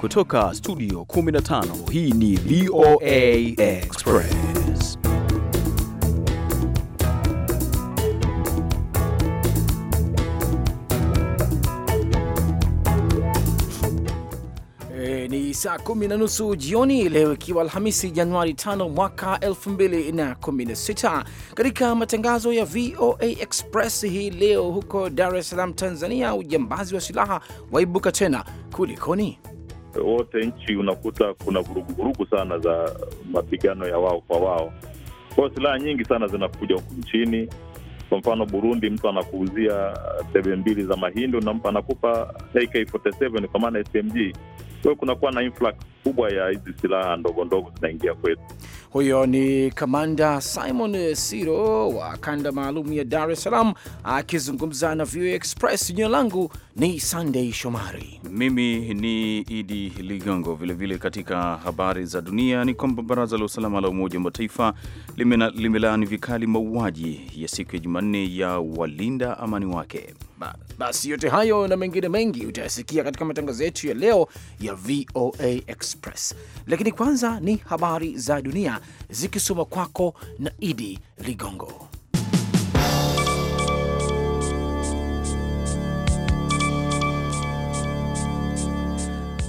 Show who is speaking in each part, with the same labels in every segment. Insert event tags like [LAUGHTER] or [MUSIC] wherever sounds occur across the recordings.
Speaker 1: Kutoka studio 15
Speaker 2: hii ni VOA Express.
Speaker 3: E, ni saa kumi na nusu jioni leo ikiwa Alhamisi Januari 5 mwaka 2016. Katika matangazo ya VOA Express hii leo, huko Dar es Salaam Tanzania, ujambazi wa silaha waibuka tena, kulikoni?
Speaker 4: wote nchi, unakuta kuna vuruguvurugu sana za mapigano ya wao kwa wao. kwao, silaha nyingi sana zinakuja huku nchini kwa mfano Burundi, mtu anakuuzia sebe mbili za mahindi, unampa anakupa AK47 kwa maana SMG. Kwa hiyo kunakuwa na influx kubwa ya hizi silaha ndogo ndogo zinaingia kwetu.
Speaker 3: Huyo ni Kamanda Simon Siro wa kanda maalum ya Dar es Salaam akizungumza na VOA Express. Jina langu ni Sunday Shomari,
Speaker 1: mimi ni Idi Ligongo. Vilevile katika habari za dunia ni kwamba baraza la usalama la Umoja wa Mataifa limelaani vikali mauaji ya siku ya Jumatatu Jumanne ya walinda amani wake.
Speaker 3: Basi yote hayo na mengine mengi utayasikia katika matangazo yetu ya leo ya VOA Express, lakini kwanza ni habari za dunia zikisoma kwako na Idi Ligongo.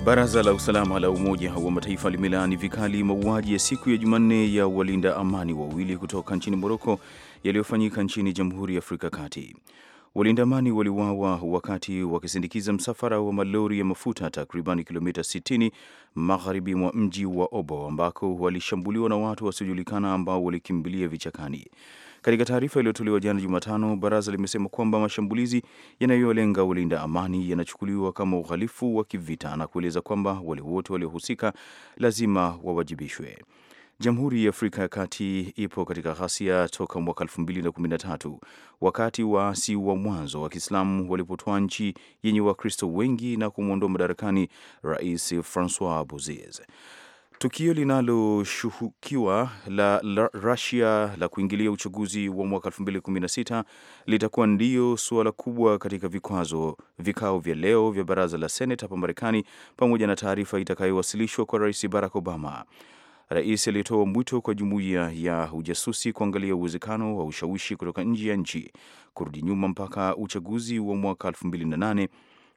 Speaker 1: Baraza la usalama la Umoja wa Mataifa limelaani vikali mauaji ya siku ya Jumanne ya walinda amani wawili kutoka nchini Moroko yaliyofanyika nchini Jamhuri ya Afrika Kati. Walinda amani waliuawa wakati wakisindikiza msafara wa malori ya mafuta takriban kilomita 60 magharibi mwa mji wa Obo, ambako walishambuliwa na watu wasiojulikana ambao walikimbilia vichakani. Katika taarifa iliyotolewa jana Jumatano, baraza limesema kwamba mashambulizi yanayolenga walinda amani yanachukuliwa kama uhalifu wa kivita na kueleza kwamba wale wote waliohusika lazima wawajibishwe. Jamhuri ya Afrika ya Kati ipo katika ghasia toka mwaka 2013 wakati waasi wa mwanzo wa Kiislamu walipotoa nchi yenye Wakristo wengi na kumwondoa madarakani Rais Francois Bozize. Tukio linaloshuhukiwa la, la Russia la kuingilia uchaguzi wa mwaka 2016 litakuwa ndiyo suala kubwa katika vikwazo vikao vya leo vya baraza la Senate hapa Marekani, pamoja na taarifa itakayowasilishwa kwa Rais Barack Obama. Rais alitoa mwito kwa jumuiya ya ujasusi kuangalia uwezekano wa ushawishi kutoka nje ya nchi kurudi nyuma mpaka uchaguzi wa mwaka 2008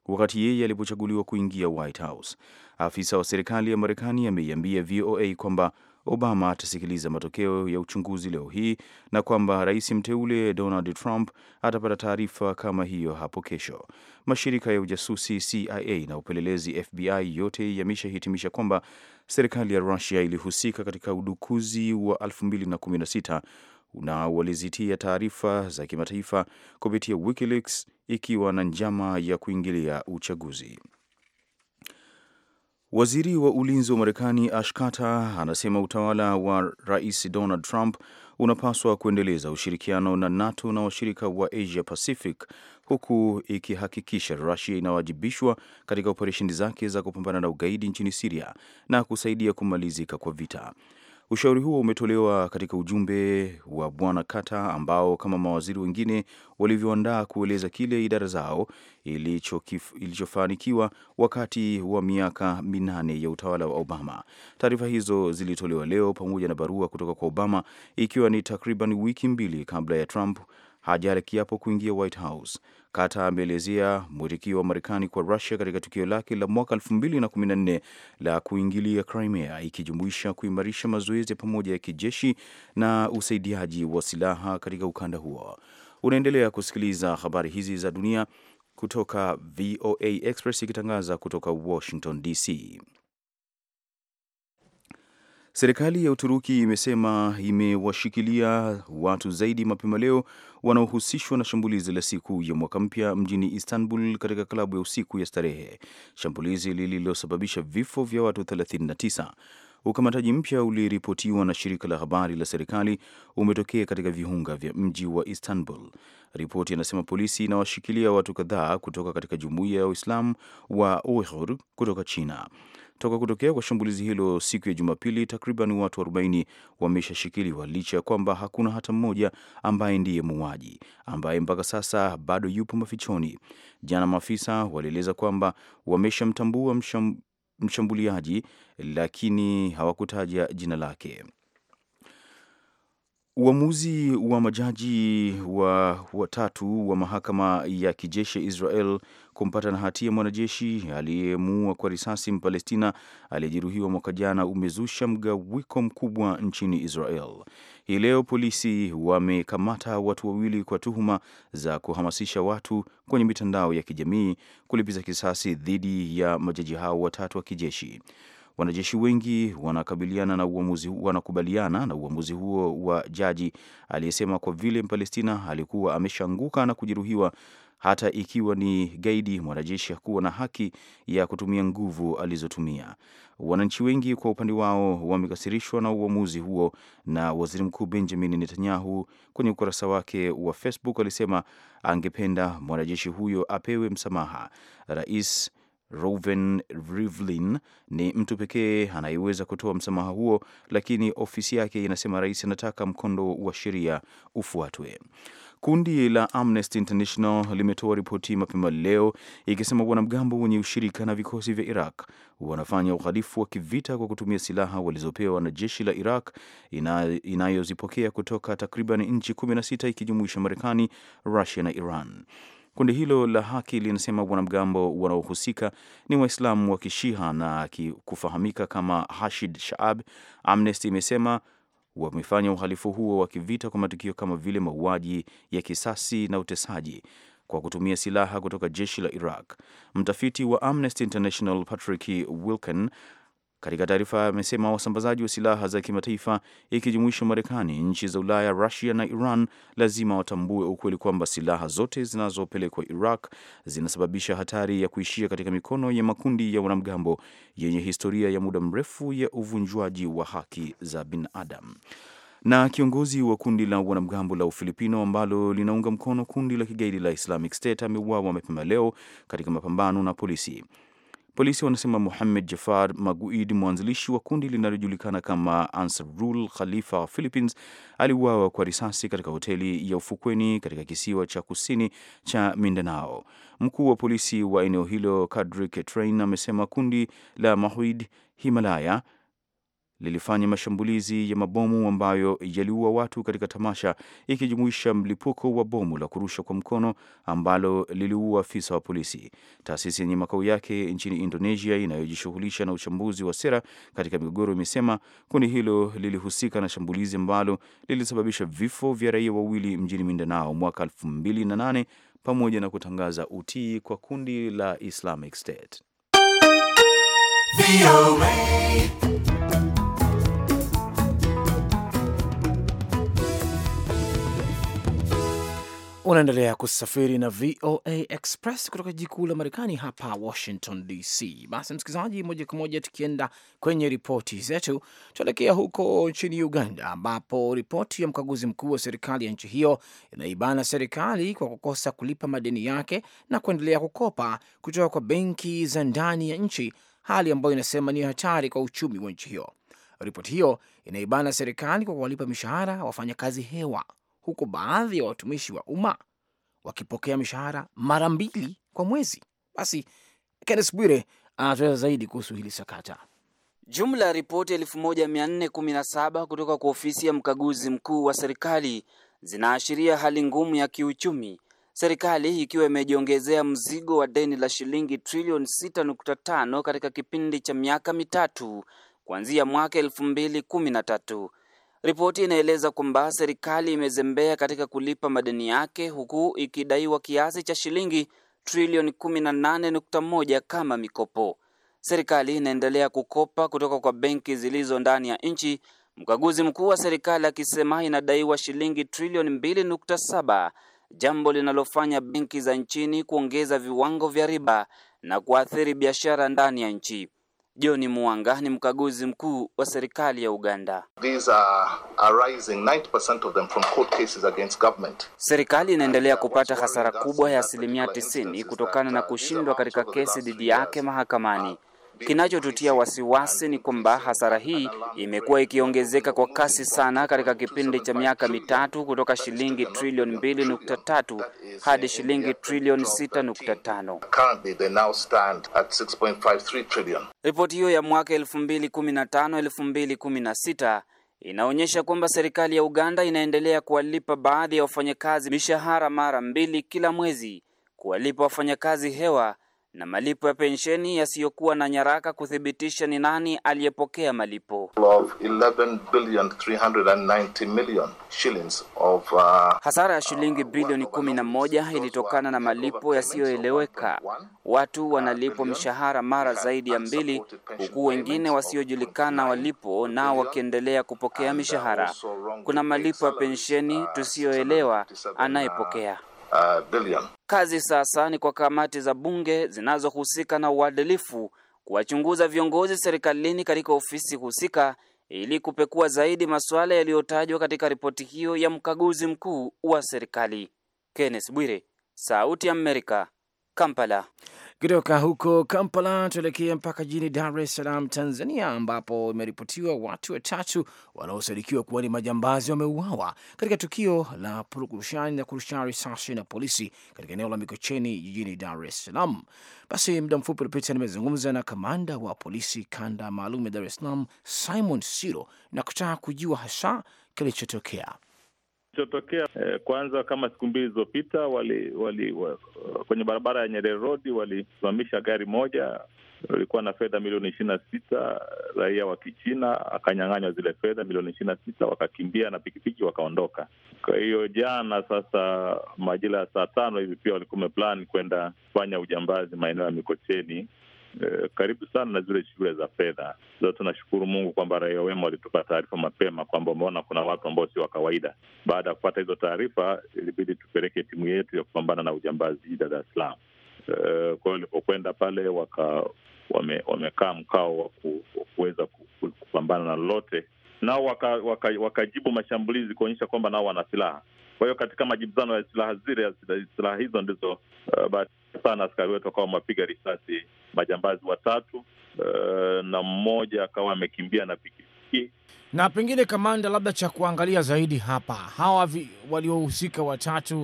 Speaker 1: wakati yeye alipochaguliwa kuingia White House. Afisa wa serikali ya Marekani ameiambia VOA kwamba Obama atasikiliza matokeo ya uchunguzi leo hii na kwamba rais mteule Donald Trump atapata taarifa kama hiyo hapo kesho. Mashirika ya ujasusi CIA na upelelezi FBI yote yameshahitimisha kwamba serikali ya Rusia ilihusika katika udukuzi wa 2016 na walizitia taarifa za kimataifa kupitia WikiLeaks ikiwa na njama ya kuingilia uchaguzi. Waziri wa ulinzi wa Marekani ashkata anasema utawala wa Rais Donald Trump unapaswa kuendeleza ushirikiano na NATO na washirika wa Asia Pacific huku ikihakikisha Rusia inawajibishwa katika operesheni zake za kupambana na ugaidi nchini Siria na kusaidia kumalizika kwa vita. Ushauri huo umetolewa katika ujumbe wa Bwana kata ambao kama mawaziri wengine walivyoandaa kueleza kile idara zao ilichofanikiwa wakati wa miaka minane ya utawala wa Obama. Taarifa hizo zilitolewa leo pamoja na barua kutoka kwa Obama, ikiwa ni takriban wiki mbili kabla ya Trump hajara kiapo kuingia White House. Kata ameelezea mwitikio wa Marekani kwa Rusia katika tukio lake la mwaka 2014 la kuingilia Crimea, ikijumuisha kuimarisha mazoezi ya pamoja ya kijeshi na usaidiaji wa silaha katika ukanda huo. Unaendelea kusikiliza habari hizi za dunia kutoka VOA Express ikitangaza kutoka Washington DC. Serikali ya Uturuki imesema imewashikilia watu zaidi mapema leo wanaohusishwa na shambulizi la siku ya mwaka mpya mjini Istanbul katika klabu ya usiku ya starehe, shambulizi lililosababisha vifo vya watu 39. Ukamataji mpya uliripotiwa na shirika la habari la serikali umetokea katika viunga vya mji wa Istanbul. Ripoti inasema polisi inawashikilia watu kadhaa kutoka katika jumuiya ya Waislamu wa Uyghur kutoka China. Toka kutokea kwa shambulizi hilo siku ya Jumapili, takriban watu 40 wameshashikiliwa licha ya kwamba hakuna hata mmoja ambaye ndiye muuaji ambaye mpaka sasa bado yupo mafichoni. Jana maafisa walieleza kwamba wameshamtambua msham, mshambuliaji lakini hawakutaja jina lake. Uamuzi wa majaji wa watatu wa mahakama ya kijeshi Israel kumpata na hatia mwanajeshi aliyemuua kwa risasi Mpalestina aliyejeruhiwa mwaka jana umezusha mgawiko mkubwa nchini Israel. Hii leo polisi wamekamata watu wawili kwa tuhuma za kuhamasisha watu kwenye mitandao ya kijamii kulipiza kisasi dhidi ya majaji hao watatu wa kijeshi. Wanajeshi wengi wanakabiliana na uamuzi, wanakubaliana na uamuzi huo wa jaji aliyesema kwa vile Mpalestina alikuwa ameshaanguka na kujeruhiwa hata ikiwa ni gaidi, mwanajeshi hakuwa na haki ya kutumia nguvu alizotumia. Wananchi wengi kwa upande wao wamekasirishwa na uamuzi huo, na waziri mkuu Benjamin Netanyahu kwenye ukurasa wake wa Facebook alisema angependa mwanajeshi huyo apewe msamaha. Rais Roven Rivlin ni mtu pekee anayeweza kutoa msamaha huo, lakini ofisi yake inasema rais anataka mkondo wa sheria ufuatwe. Kundi la Amnesty International limetoa ripoti mapema leo ikisema wanamgambo wenye ushirika na vikosi vya Iraq wanafanya uhalifu wa kivita kwa kutumia silaha walizopewa na jeshi la Iraq inayozipokea kutoka takriban nchi 16 ikijumuisha Marekani, Rusia na Iran. Kundi hilo la haki linasema wanamgambo wanaohusika ni Waislamu wa Kishiha na kufahamika kama Hashid Shaab. Amnesty imesema wamefanya uhalifu huo wa kivita kwa matukio kama vile mauaji ya kisasi na utesaji kwa kutumia silaha kutoka jeshi la Iraq. Mtafiti wa Amnesty International Patrick Wilken katika taarifa amesema wasambazaji wa silaha za kimataifa ikijumuisha Marekani, nchi za Ulaya, Rusia na Iran lazima watambue ukweli kwamba silaha zote zinazopelekwa Iraq zinasababisha hatari ya kuishia katika mikono ya makundi ya wanamgambo yenye historia ya muda mrefu ya uvunjwaji wa haki za binadamu na kiongozi wa kundi la wanamgambo la Ufilipino ambalo linaunga mkono kundi la kigaidi la Islamic State ameuawa mapema leo katika mapambano na polisi. Polisi wanasema Muhamed Jafar Maguid, mwanzilishi wa kundi linalojulikana kama Ansarul Khalifa Philippines, aliuawa kwa risasi katika hoteli ya ufukweni katika kisiwa cha kusini cha Mindanao. Mkuu wa polisi wa eneo hilo kadrik train amesema kundi la Mahuid Himalaya lilifanya mashambulizi ya mabomu ambayo yaliua watu katika tamasha, ikijumuisha mlipuko wa bomu la kurusha kwa mkono ambalo liliua afisa wa polisi. Taasisi yenye makao yake nchini Indonesia inayojishughulisha na uchambuzi wa sera katika migogoro imesema kundi hilo lilihusika na shambulizi ambalo lilisababisha vifo vya raia wawili mjini Mindanao mwaka 2008 pamoja na kutangaza utii kwa kundi la Islamic State.
Speaker 3: Unaendelea kusafiri na VOA Express kutoka jiji kuu la Marekani hapa Washington DC. Basi msikilizaji, moja kwa moja tukienda kwenye ripoti zetu, tuelekea huko nchini Uganda, ambapo ripoti ya mkaguzi mkuu wa serikali ya nchi hiyo inaibana serikali kwa kukosa kulipa madeni yake na kuendelea kukopa kutoka kwa benki za ndani ya nchi, hali ambayo inasema ni hatari kwa uchumi wa nchi hiyo. Ripoti hiyo inaibana serikali kwa kuwalipa mishahara wafanyakazi hewa huku baadhi ya watumishi wa umma wakipokea mishahara mara mbili kwa mwezi. Basi Kennes Bwire anatueleza zaidi kuhusu hili sakata.
Speaker 5: Jumla ya ripoti 1417 kutoka kwa ofisi ya mkaguzi mkuu wa serikali zinaashiria hali ngumu ya kiuchumi, serikali ikiwa imejiongezea mzigo wa deni la shilingi trilioni 6.5 katika kipindi cha miaka mitatu kuanzia mwaka 2013. Ripoti inaeleza kwamba serikali imezembea katika kulipa madeni yake huku ikidaiwa kiasi cha shilingi trilioni 18.1 kama mikopo. Serikali inaendelea kukopa kutoka kwa benki zilizo ndani ya nchi, mkaguzi mkuu wa serikali akisema inadaiwa shilingi trilioni 2.7, jambo linalofanya benki za nchini kuongeza viwango vya riba na kuathiri biashara ndani ya nchi. John Mwanga ni mkaguzi mkuu wa serikali ya Uganda.
Speaker 2: These are arising 90% of them from court cases against government.
Speaker 5: Serikali inaendelea kupata hasara kubwa ya asilimia 90 kutokana na uh, kushindwa katika kesi dhidi yake mahakamani. Kinachotutia wasiwasi ni kwamba hasara hii imekuwa ikiongezeka kwa kasi sana katika kipindi cha miaka mitatu kutoka shilingi trilioni 2.3 hadi shilingi trilioni
Speaker 2: 6.5.
Speaker 5: Ripoti hiyo ya mwaka 2015-2016 inaonyesha kwamba serikali ya Uganda inaendelea kuwalipa baadhi ya wafanyakazi mishahara mara mbili kila mwezi, kuwalipa wafanyakazi hewa na malipo ya pensheni yasiyokuwa na nyaraka kuthibitisha ni nani aliyepokea malipo
Speaker 4: of 11 billion 390 million shillings of, uh,
Speaker 5: hasara ya shilingi bilioni uh, kumi na moja ilitokana na malipo yasiyoeleweka. Watu wanalipwa mishahara mara zaidi ya mbili, huku wengine wasiojulikana walipo nao wakiendelea kupokea mishahara. Kuna malipo ya pensheni tusiyoelewa anayepokea uh, billion. Kazi sasa ni kwa kamati za bunge zinazohusika na uadilifu kuwachunguza viongozi serikalini katika ofisi husika ili kupekua zaidi masuala yaliyotajwa katika ripoti hiyo ya mkaguzi mkuu wa serikali. Kenneth Bwire, Sauti ya Amerika, Kampala.
Speaker 3: Kutoka huko Kampala tuelekea mpaka jijini Dar es Salaam, Tanzania, ambapo imeripotiwa watu watatu wanaosadikiwa kuwa ni majambazi wameuawa katika tukio la purukushani na kurusha risasi na polisi katika eneo la Mikocheni jijini Dar es Salaam. Basi muda mfupi uliopita nimezungumza na kamanda wa polisi kanda maalum ya Dar es Salaam, Simon Siro, na kutaka kujua hasa kilichotokea.
Speaker 4: Kilichotokea eh, kwanza kama siku mbili zilizopita wali, wali, kwenye barabara ya Nyerere Road walisimamisha gari moja lilikuwa na fedha milioni ishirini na sita. Raia wa Kichina akanyang'anywa zile fedha milioni ishirini na sita, wakakimbia na pikipiki wakaondoka. Kwa hiyo jana sasa, majira ya saa tano hivi, pia walikuwa wameplan kwenda kufanya ujambazi maeneo ya Mikocheni Eh, karibu sana na zile shule za fedha. Sasa tunashukuru Mungu kwamba raia wema walitupa taarifa mapema kwamba wameona kuna watu ambao si wa kawaida. Baada ya kupata hizo taarifa, ilibidi tupeleke timu yetu ya kupambana na ujambazi Dar es Salaam. Eh, kwa hiyo pale waka wamekaa wame mkao wa kuweza kupambana na lolote, nao wakajibu waka, waka mashambulizi kuonyesha kwamba nao wana silaha. Kwa hiyo katika majibizano ya silaha zile, silaha hizo ndizo uh, eh, bahati sana askari wetu wakawa wamepiga risasi majambazi watatu, uh, na mmoja akawa amekimbia na pikipiki.
Speaker 3: Na pengine kamanda, labda cha kuangalia zaidi hapa, hawa waliohusika watatu,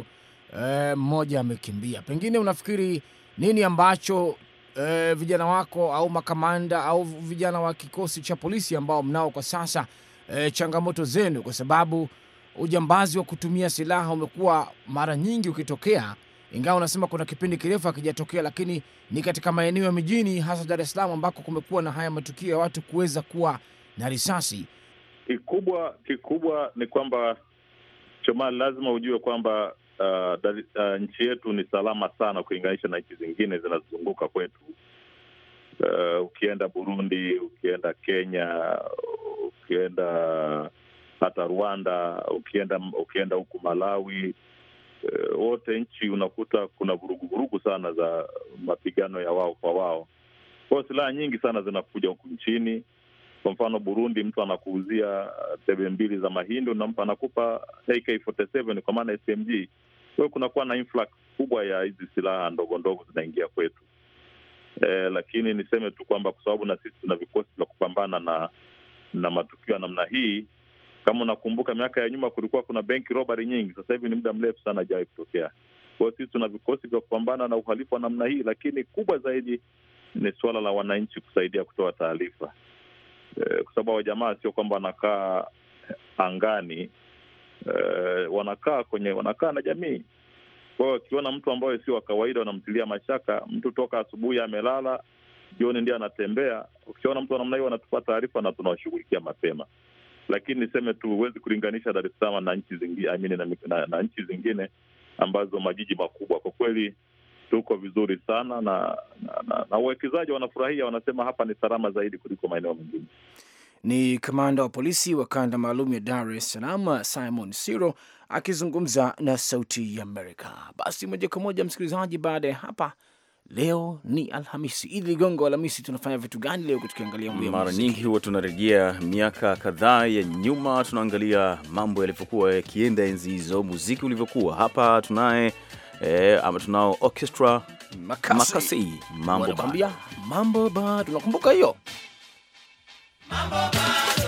Speaker 3: uh, mmoja amekimbia, pengine unafikiri nini ambacho uh, vijana wako au makamanda au vijana wa kikosi cha polisi ambao mnao kwa sasa, uh, changamoto zenu, kwa sababu ujambazi wa kutumia silaha umekuwa mara nyingi ukitokea ingawa unasema kuna kipindi kirefu akijatokea lakini ni katika maeneo ya mijini, hasa Dar es Salaam ambako kumekuwa na haya matukio ya watu kuweza kuwa na risasi.
Speaker 4: Kikubwa kikubwa ni kwamba Choma, lazima ujue kwamba uh, uh, nchi yetu ni salama sana kulinganisha na nchi zingine zinazozunguka kwetu. Uh, ukienda Burundi, ukienda Kenya, ukienda hata Rwanda, ukienda ukienda huku Malawi Eh, wote nchi unakuta kuna vuruguvurugu sana za mapigano ya wao kwa wao. kwao silaha nyingi sana zinakuja huku nchini. Kwa mfano Burundi, mtu anakuuzia tebe mbili za mahindi, unampa anakupa AK47 kwa maana SMG. kwao kunakuwa na influx kubwa ya hizi silaha ndogo ndogo zinaingia kwetu. e, lakini niseme tu kwamba kwa sababu na sisi tuna vikosi vya kupambana na na matukio ya namna hii kama unakumbuka miaka ya nyuma, kulikuwa kuna benki robari nyingi, sasa hivi ni muda mrefu sana ajawai kutokea. Kwa hiyo sisi tuna vikosi vya kupambana na uhalifu wa namna hii, lakini kubwa zaidi ni suala la wananchi kusaidia kutoa taarifa e, kwa sababu wajamaa sio kwamba wanakaa angani e, wanakaa kwenye wanakaa na jamii. Kwa hiyo wakiona mtu ambaye sio wa kawaida wanamtilia mashaka. Mtu toka asubuhi amelala, jioni ndio anatembea. Ukiona mtu wa namna hiyo, wanatupa taarifa na tunawashughulikia mapema lakini niseme tu huwezi kulinganisha Dar es Salaam na nchi zingine, I mean, na, na, na nchi zingine ambazo majiji makubwa. Kwa kweli tuko vizuri sana na na wawekezaji wanafurahia, wanasema hapa ni salama zaidi kuliko maeneo mengine. Ni
Speaker 3: kamanda wa polisi wa kanda maalum ya Dar es Salaam Simon Siro akizungumza na Sauti ya Amerika. Basi moja kwa moja msikilizaji, baada ya hapa Leo ni Alhamisi. ili Ligongo, Alhamisi tunafanya vitu gani leo? Tukiangalia mara
Speaker 1: nyingi huwa tunarejea miaka kadhaa ya nyuma, tunaangalia mambo yalivyokuwa yakienda enzi hizo, muziki ulivyokuwa. Hapa tunaye eh, ama tunao orchestra Makasi, Makasi. Mambo
Speaker 3: ba, mambo ba, tunakumbuka hiyo mambo ba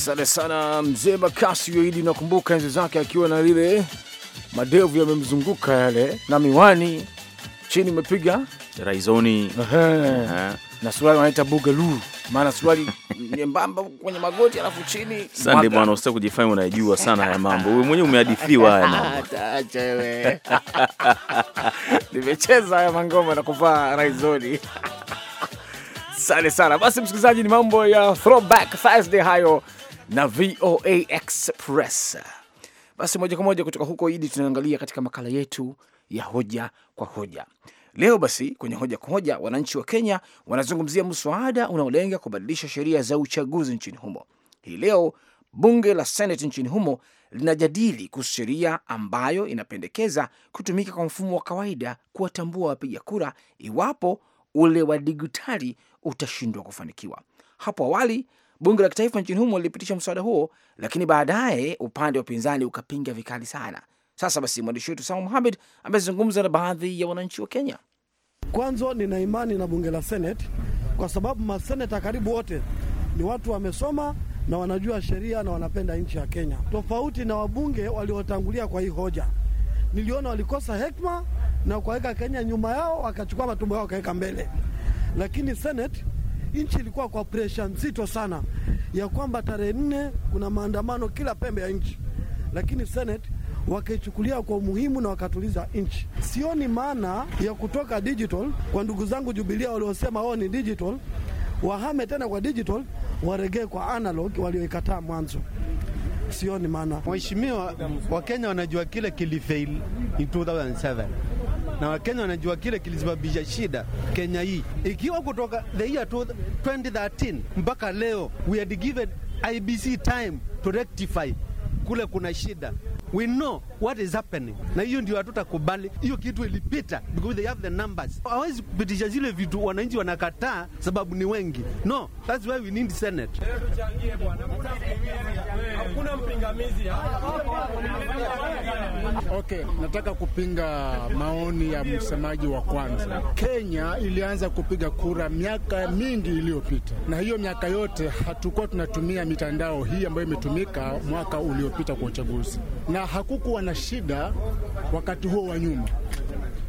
Speaker 3: Asante sana mzee Makasi Yoidi, nakumbuka enzi zake akiwa na lile madevu yamemzunguka yale na miwani chini
Speaker 1: imepiga raizoni na suruali wanaita bugaluu, maana suruali [LAUGHS] nyembamba
Speaker 3: kwenye magoti alafu chini. Sande bwana,
Speaker 1: usitaki kujifanya unajua sana haya mambo, wewe mwenyewe umehadithiwa haya [LAUGHS] mambo.
Speaker 3: Acha wewe,
Speaker 1: [LAUGHS] nimecheza haya
Speaker 3: mangoma na kuvaa raizoni. Sante sana basi, msikilizaji, ni mambo ya throwback Thursday hayo na VOA Express. Basi moja kwa moja kutoka huko Idi, tunaangalia katika makala yetu ya hoja kwa hoja leo. Basi kwenye hoja kwa hoja, wananchi wa Kenya wanazungumzia mswada unaolenga kubadilisha sheria za uchaguzi nchini humo. Hii leo bunge la Senate nchini humo linajadili kuhusu sheria ambayo inapendekeza kutumika kwa mfumo wa kawaida kuwatambua wapiga kura iwapo ule wa digitali utashindwa kufanikiwa. Hapo awali Bunge la kitaifa nchini humo lilipitisha mswada huo, lakini baadaye upande wa upinzani ukapinga vikali sana. Sasa basi, mwandishi wetu Sama Muhamed amezungumza na baadhi ya wananchi wa Kenya.
Speaker 6: Kwanza nina imani na bunge la Seneti kwa sababu maseneta karibu wote ni watu wamesoma na wanajua sheria na wanapenda nchi ya Kenya, tofauti na wabunge waliotangulia. Kwa hii hoja niliona walikosa hekima na kuweka Kenya nyuma yao, wakachukua matumbo yao wakaweka mbele, lakini Seneti nchi ilikuwa kwa presha nzito sana ya kwamba tarehe nne kuna maandamano kila pembe ya nchi, lakini Senate wakaichukulia kwa umuhimu na wakatuliza nchi. Sioni maana ya kutoka digital kwa ndugu zangu Jubilia waliosema wao ni digital, wahame tena kwa digital, waregee kwa analog walioikataa mwanzo. Sioni maana. Mheshimiwa,
Speaker 7: Wakenya wanajua kile kilifeil in 2007 na Wakenya wanajua kile kilisababisha shida Kenya hii, ikiwa kutoka the year 2013 mpaka leo we had given IBC time to rectify kule kuna shida we know what is happening, na hiyo ndio hatutakubali. Hiyo kitu ilipita because they have the numbers. Hawezi kupitisha zile vitu wananchi wanakataa sababu ni wengi. No, that's why we need Senate.
Speaker 6: Hakuna mpingamizi.
Speaker 7: Okay, nataka kupinga maoni ya msemaji wa kwanza. Kenya ilianza kupiga kura miaka mingi iliyopita, na hiyo miaka yote hatukuwa tunatumia mitandao hii ambayo imetumika mwaka uliopita kwa uchaguzi na na hakukuwa na shida wakati huo wa nyuma.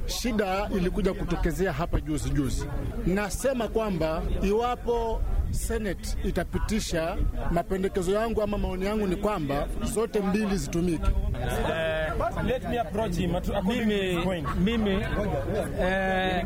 Speaker 7: Shida ilikuja kutokezea hapa juzi juzi. Nasema kwamba iwapo Senate itapitisha mapendekezo yangu ama maoni yangu, ni kwamba zote mbili zitumike. Eh, Let me approach him mimi, mimi, eh,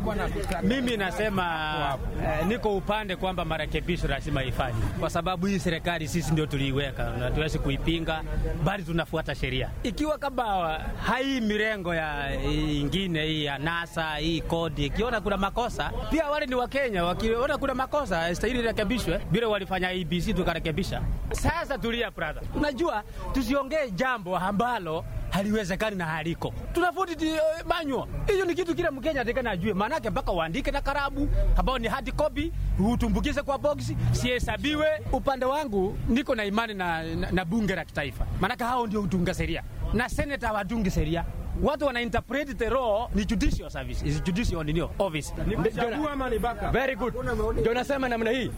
Speaker 7: mimi nasema eh, niko upande kwamba marekebisho lazima ifanye, kwa sababu hii serikali sisi ndio tuliiweka na tuwezi kuipinga, bali tunafuata sheria. Ikiwa kama hai mirengo ya ingine hii ya NASA hii kodi, ikiona kuna makosa, pia wale ni Wakenya, wakiona kuna makosa stahili rekebishwe, vile walifanya ABC tukarekebisha. Sasa tulia brother, unajua tusiongee jambo ambalo haliwezekani na haliko. Tunafuti eh, manyua hiyo ni kitu kila Mkenya na ajue, maanake mpaka uandike na karabu ambao ni hard copy, utumbukize kwa boksi, sihesabiwe. Upande wangu niko na imani na, na, na bunge la kitaifa, maanake hao ndio utunga sheria na seneta watungi sheria watu wana interpret the law ni judicial service is judicial ndio office ni kuchagua ama ni backup. Very good, ndio nasema namna hii,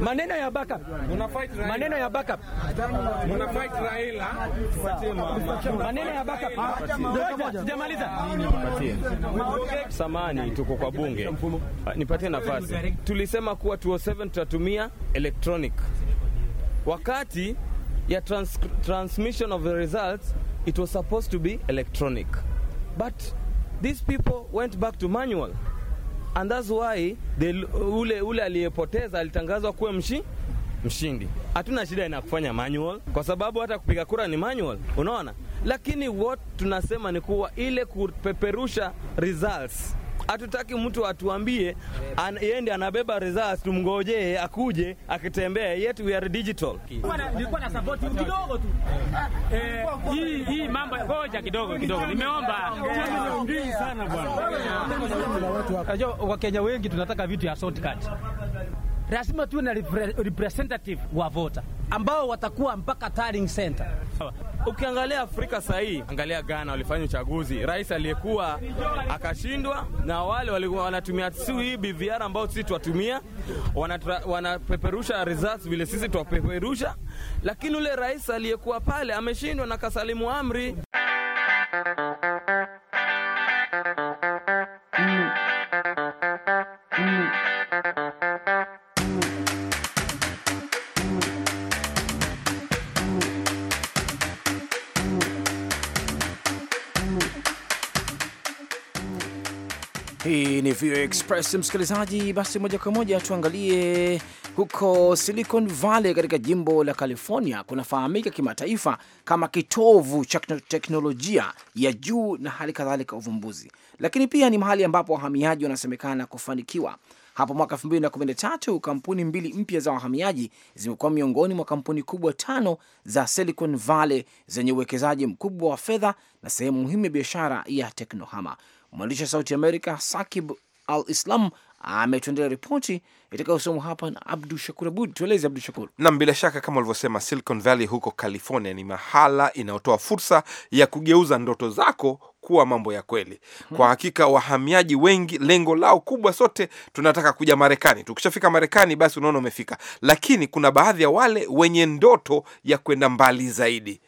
Speaker 7: maneno ya backup, una fight maneno ya backup, una fight Raila, maneno ya backup. ndio Sijamaliza,
Speaker 6: samani, tuko kwa bunge, nipatie nafasi. Tulisema kuwa 207 tutatumia electronic wakati ya trans transmission of the results it was supposed to be electronic. But these people went back to manual. And that's why the ule, ule aliyepoteza alitangazwa kuwe mshi mshindi. Hatuna shida ina kufanya manual kwa sababu hata kupiga kura ni manual, unaona? Lakini what tunasema ni kuwa ile kupeperusha results hatutaki mtu atuambie an, yende anabeba results, tumngojee akuje akitembea. Yet we are digital.
Speaker 7: Nilikuwa na support kidogo tu eh, hii hii mambo ngoja kidogo kidogo, nimeomba ndii sana bwana. Kenya wengi tunataka vitu ya shortcut. Lazima tuwe na representative wa voter ambao watakuwa mpaka tallying center.
Speaker 6: Ukiangalia Afrika hii, angalia Ghana, walifanya uchaguzi, rais aliyekuwa akashindwa, na wale walikuwa wanatumia si hii BVR ambao sisi twatumia, wanapeperusha results vile sisi twapeperusha, lakini ule rais aliyekuwa pale ameshindwa na kasalimu amri.
Speaker 3: Hii ni VOA Express msikilizaji. Basi moja kwa moja tuangalie huko Silicon Valley katika jimbo la California. Kunafahamika kimataifa kama kitovu cha teknolojia ya juu na hali kadhalika uvumbuzi, lakini pia ni mahali ambapo wahamiaji wanasemekana kufanikiwa. Hapo mwaka 2013 kampuni mbili mpya za wahamiaji zimekuwa miongoni mwa kampuni kubwa tano za Silicon Valley zenye uwekezaji mkubwa wa fedha na sehemu muhimu ya biashara ya teknohama. Mwandishi wa Sauti Amerika Sakib
Speaker 2: Al Islam ametuendelea ripoti itakayosomwa hapa na Abdu Shakur Abud. Tueleze Abdu Shakur. Nam, bila shaka kama ulivyosema, Silicon Valley huko California ni mahala inayotoa fursa ya kugeuza ndoto zako kuwa mambo ya kweli. Hmm. Kwa hakika, wahamiaji wengi lengo lao kubwa, sote tunataka kuja Marekani. Tukishafika Marekani, basi unaona umefika, lakini kuna baadhi ya wale wenye ndoto ya kwenda mbali zaidi.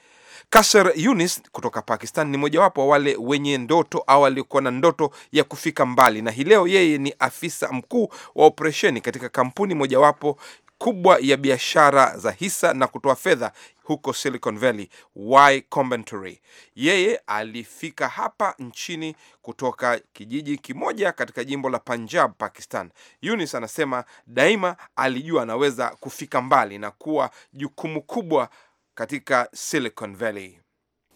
Speaker 2: Kasher Yunis kutoka Pakistan ni mojawapo wa wale wenye ndoto au alikuwa na ndoto ya kufika mbali, na hii leo yeye ni afisa mkuu wa operesheni katika kampuni mojawapo kubwa ya biashara za hisa na kutoa fedha huko Silicon Valley, Y Combinator. Yeye alifika hapa nchini kutoka kijiji kimoja katika jimbo la Punjab, Pakistan. Yunis anasema daima alijua anaweza kufika mbali na kuwa jukumu kubwa katika Silicon Valley.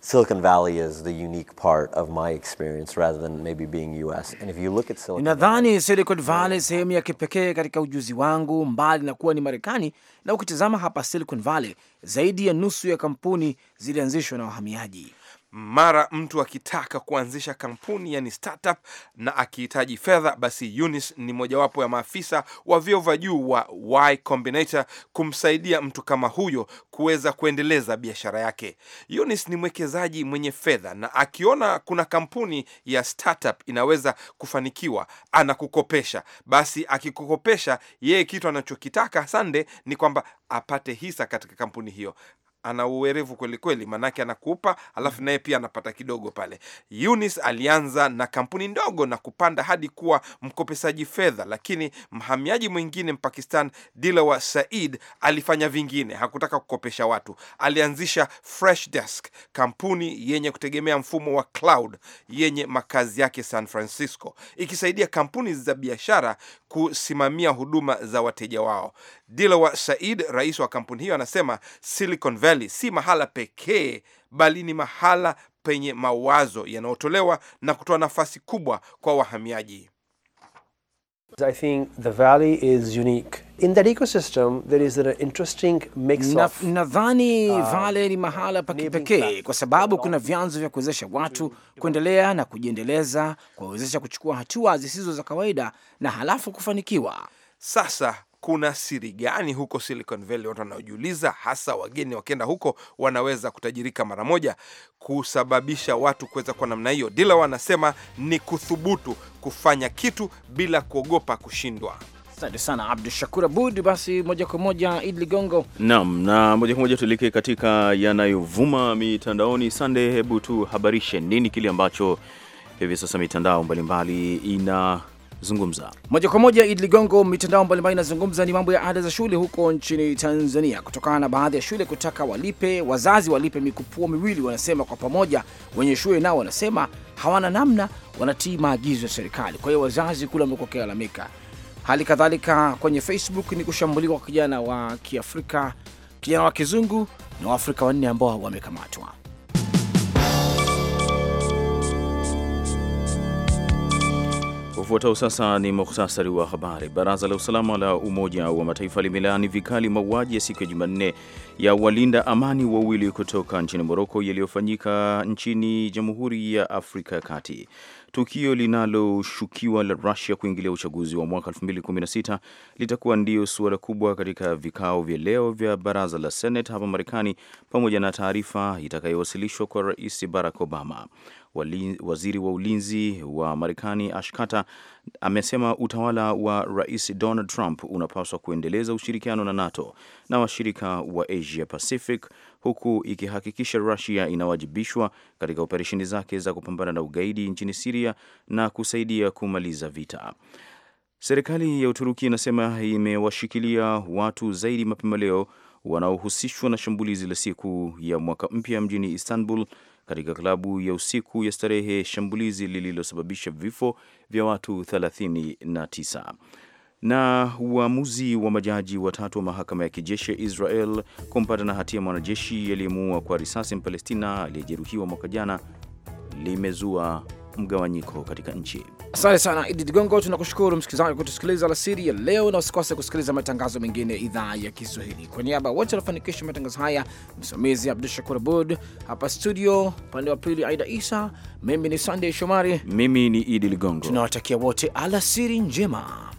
Speaker 6: Silicon Valley is the unique part of my experience rather than maybe being US. And if you look at Silicon Nadhani
Speaker 3: Silicon Valley sehemu ya kipekee katika ujuzi wangu mbali na kuwa ni Marekani na ukitazama
Speaker 2: hapa Silicon Valley zaidi ya nusu ya kampuni zilianzishwa na wahamiaji. Mara mtu akitaka kuanzisha kampuni yani startup na akihitaji fedha, basi Yunis ni mojawapo ya maafisa wa vyeo vya juu wa Y Combinator kumsaidia mtu kama huyo kuweza kuendeleza biashara yake. Yunis ni mwekezaji mwenye fedha, na akiona kuna kampuni ya startup inaweza kufanikiwa, anakukopesha. Basi akikukopesha, yeye kitu anachokitaka Sande ni kwamba apate hisa katika kampuni hiyo ana uwerevu kweli kweli, maanake anakupa, alafu mm. naye pia anapata kidogo pale. Yunis alianza na kampuni ndogo na kupanda hadi kuwa mkopesaji fedha, lakini mhamiaji mwingine Mpakistan Dilawar Said alifanya vingine, hakutaka kukopesha watu. Alianzisha Fresh Desk, kampuni yenye kutegemea mfumo wa cloud yenye makazi yake San Francisco, ikisaidia kampuni za biashara kusimamia huduma za wateja wao. Dilawar Said, rais wa kampuni hiyo, anasema Silicon Valley yaani si mahala pekee, bali ni mahala penye mawazo yanayotolewa na kutoa nafasi kubwa kwa wahamiaji.
Speaker 3: Nadhani uh, vale ni mahala pa kipekee kwa sababu kuna vyanzo vya kuwezesha watu kuendelea na kujiendeleza, kuwawezesha kuchukua hatua zisizo za kawaida
Speaker 2: na halafu kufanikiwa. Sasa kuna siri gani huko Silicon Valley? Watu wanaojiuliza, hasa wageni wakienda huko wanaweza kutajirika mara moja, kusababisha watu kuweza kwa namna hiyo. Dila wanasema ni kuthubutu kufanya kitu bila kuogopa kushindwa. Asante sana Abdu Shakur Abud. Basi moja kwa moja Idi Ligongo
Speaker 1: nam na moja kwa moja tuelekee katika yanayovuma mitandaoni. Sande, hebu tuhabarishe nini kile ambacho hivi sasa mitandao mbalimbali ina zungumza
Speaker 3: moja kwa moja. Idi Ligongo, mitandao mbalimbali inazungumza ni mambo ya ada za shule huko nchini Tanzania, kutokana na baadhi ya shule kutaka walipe wazazi walipe mikupuo miwili, wanasema kwa pamoja. Wenye shule nao wanasema hawana namna, wanatii maagizo ya serikali. Kwa hiyo wazazi kule wamekuwa wakilalamika. Hali kadhalika kwenye Facebook ni kushambuliwa kwa kijana wa Kiafrika, kijana wa kizungu na Waafrika wanne ambao wamekamatwa.
Speaker 1: Ufuatao sasa ni muhtasari wa habari. Baraza la usalama la Umoja wa Mataifa limelaani vikali mauaji ya siku ya Jumanne ya walinda amani wawili kutoka nchini Moroko yaliyofanyika nchini Jamhuri ya Afrika ya Kati. Tukio linaloshukiwa la rusia kuingilia uchaguzi wa mwaka 2016 litakuwa ndiyo suala kubwa katika vikao vya leo vya baraza la Senate hapa Marekani, pamoja na taarifa itakayowasilishwa kwa Rais Barack Obama. Waziri wa ulinzi wa Marekani Ash Carter amesema utawala wa Rais Donald Trump unapaswa kuendeleza ushirikiano na NATO na washirika wa Asia Pacific huku ikihakikisha Rusia inawajibishwa katika operesheni zake za kupambana na ugaidi nchini Siria na kusaidia kumaliza vita. Serikali ya Uturuki inasema imewashikilia watu zaidi mapema leo wanaohusishwa na shambulizi la siku ya mwaka mpya mjini Istanbul katika klabu ya usiku ya starehe, shambulizi lililosababisha vifo vya watu 39. Na uamuzi wa majaji watatu wa mahakama ya kijeshi ya Israel kumpata na hatia mwanajeshi aliyemuua kwa risasi Mpalestina aliyejeruhiwa mwaka jana limezua mgawanyiko katika nchi.
Speaker 3: Asante sana Idi Ligongo, tunakushukuru msikilizaji kutusikiliza alasiri ya leo, na usikose kusikiliza matangazo mengine ya idhaa ya Kiswahili. Kwa niaba ya wote wanafanikisha matangazo haya, msimamizi Abdu Shakur Abud hapa studio, upande wa pili Aida Isa, mimi ni Sandey Shomari,
Speaker 1: mimi ni Idi Ligongo, tunawatakia wote alasiri
Speaker 3: njema.